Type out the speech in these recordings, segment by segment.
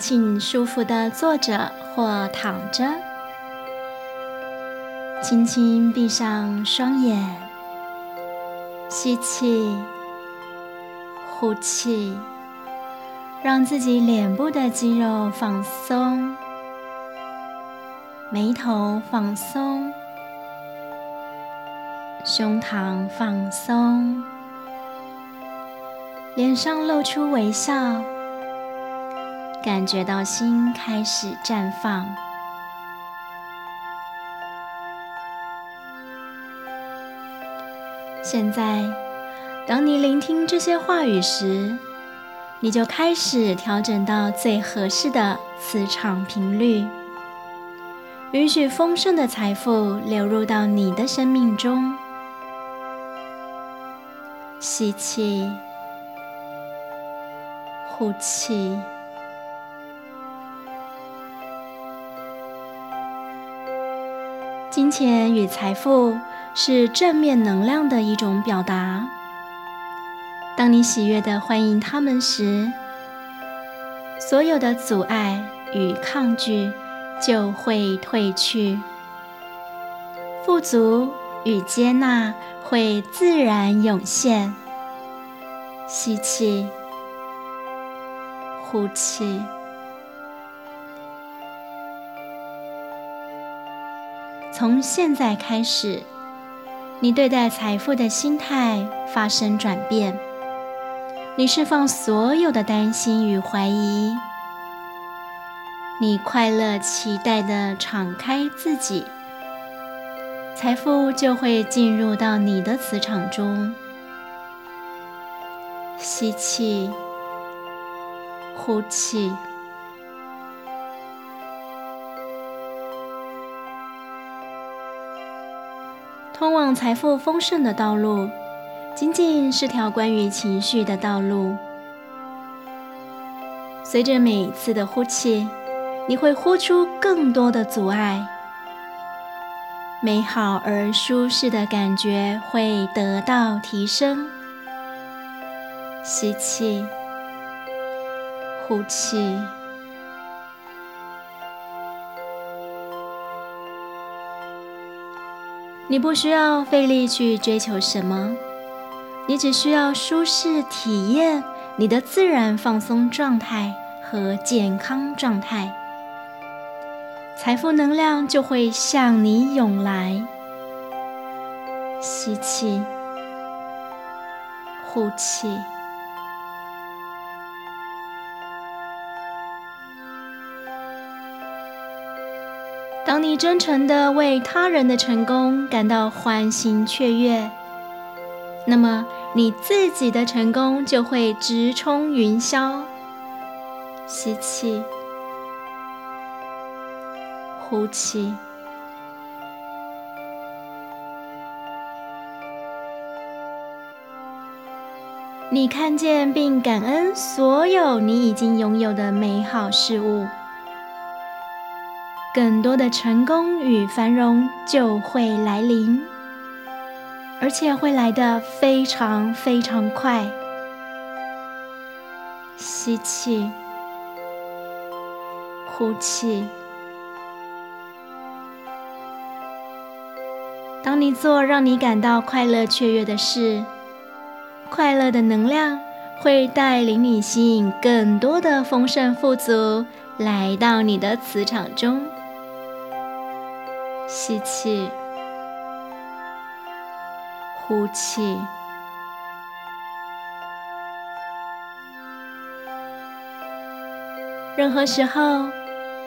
請舒服的坐着或躺着，輕輕閉上雙眼，吸氣，呼氣，讓自己臉部的肌肉放鬆，眉頭放鬆，胸膛放鬆，臉上露出微笑。感覺到心開始綻放。現在，當你聆聽這些話語時，你就開始調整到最合適的磁場頻率，允許豐盛的財富流入到你的生命中。吸氣，呼氣。金錢與財富是正面能量的一種表達。當你喜悅地歡迎他們時，所有的阻礙與抗拒就會退去。富足與接納會自然湧現。吸氣，呼氣。從現在開始，你對待財富的心態發生轉變，你釋放所有的擔心與懷疑，你快樂期待地敞開自己，財富就會進入到你的磁場中。吸氣，呼氣。通往財富豐盛的道路，僅僅是條關於情緒的道路。隨着每一次的呼氣，你會呼出更多的阻礙。美好而舒適的感覺會得到提升。吸氣，呼氣。你不需要費力去追求什麼，你只需要舒適體驗你的自然放鬆狀態和健康狀態，財富能量就會向你湧來。吸氣，呼氣。當你真誠的為他人的成功感到歡欣雀躍，那麼你自己的成功就會直衝雲霄。吸氣，呼氣。你看見並感恩所有你已經擁有的美好事物。更多的成功與繁榮就會來臨，而且會來得非常非常快。吸氣，呼氣。當你做讓你感到快樂雀躍的事，快樂的能量會帶領你吸引更多的豐盛富足來到你的磁場中。吸氣，呼氣。任何時候，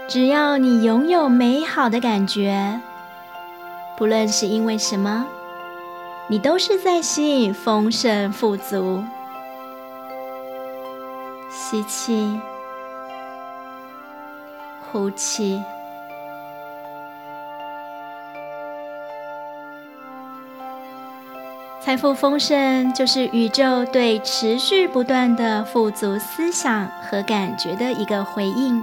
只要你擁有美好的感覺，不論是因為什麼，你都是在吸引豐盛富足。吸氣，呼氣。財富豐盛就是宇宙對持續不斷的富足思想和感覺的一個回應。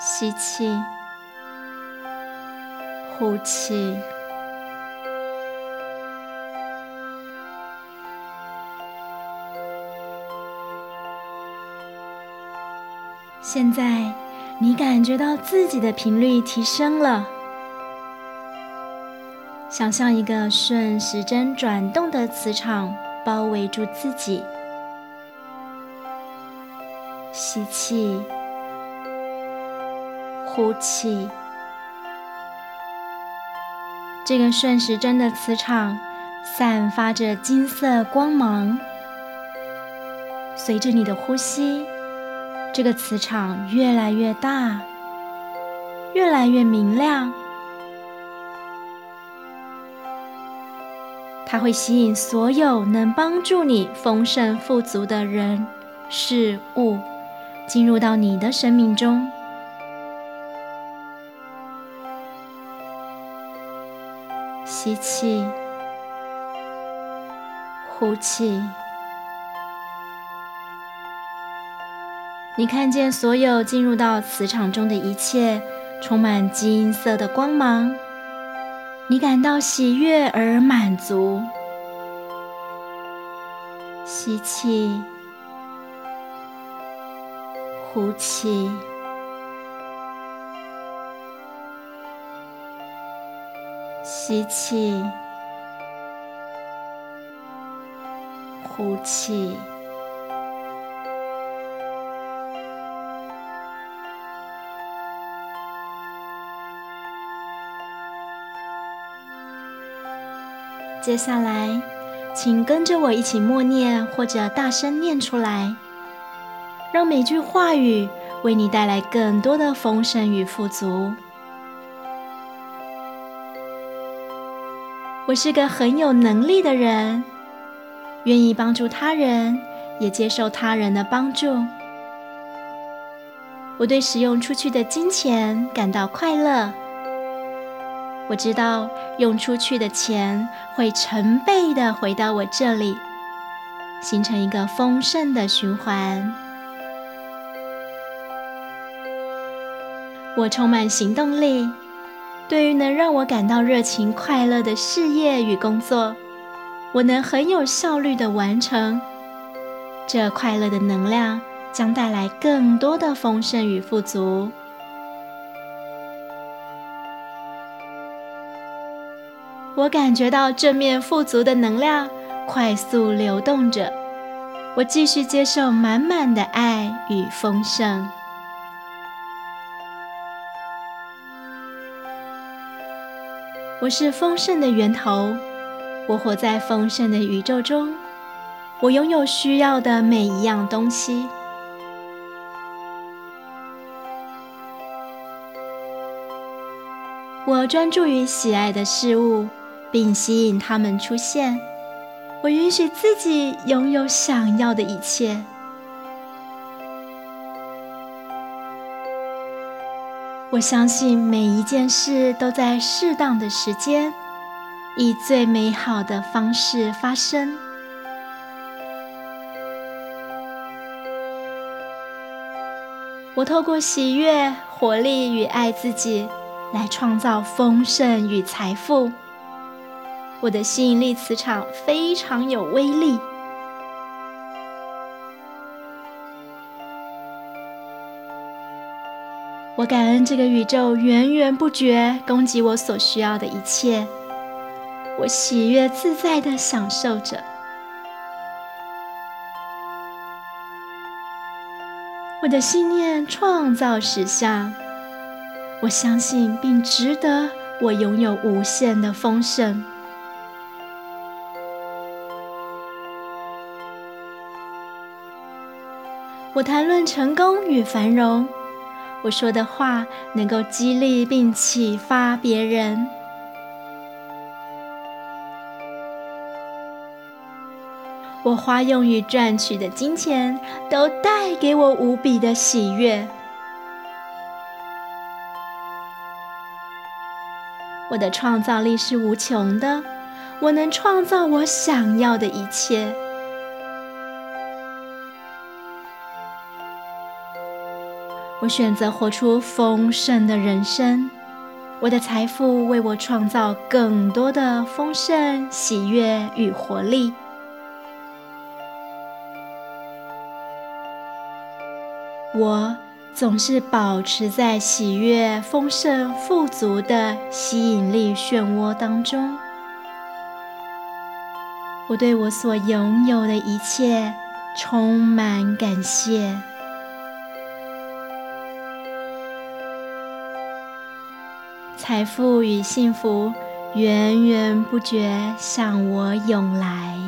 吸氣，呼氣。現在，你感覺到自己的頻率提升了。想象一個順時針轉動的磁場包圍住自己，吸氣，呼氣。這個順時針的磁場散發着金色光芒，隨着你的呼吸，這個磁場越來越大，越來越明亮。它會吸引所有能幫助你豐盛富足的人、事物進入到你的生命中。吸氣，呼氣。你看見所有進入到磁場中的一切，充滿金色的光芒。你感到喜悅而滿足。吸氣，呼氣，吸氣，呼氣。接下來，請跟着我一起默念或者大聲念出來，讓每句話語為你帶來更多的豐盛與富足。我是個很有能力的人，願意幫助他人，也接受他人的幫助。我對使用出去的金錢感到快樂。我知道用出去的錢會成倍的回到我這裡，形成一個豐盛的循環。我充滿行動力，對於能讓我感到熱情快樂的事業與工作，我能很有效率的完成。這快樂的能量將帶來更多的豐盛與富足。我感覺到正面富足的能量快速流動着，我繼續接受滿滿的愛與豐盛。我是豐盛的源頭，我活在豐盛的宇宙中，我擁有需要的每一樣東西。我專注於喜愛的事物。並吸引他們出現，我允許自己擁有想要的一切。我相信每一件事都在適當的時間，以最美好的方式發生。我透過喜悅、活力與愛自己，來創造豐盛與財富。我的吸引力磁場非常有威力。我感恩這個宇宙源源不絕供給我所需要的一切，我喜悅自在地享受着。我的信念創造實相，我相信並值得我擁有無限的豐盛。我談論成功與繁榮，我說的話能夠激勵並啟發別人。我花用於賺取的金錢都帶給我無比的喜悅。我的創造力是無窮的，我能創造我想要的一切。我選擇活出豐盛的人生，我的財富為我創造更多的豐盛、喜悅與活力。我總是保持在喜悅、豐盛、富足的吸引力漩渦當中。我對我所擁有的一切充滿感謝。財富與幸福源源不絕向我湧來。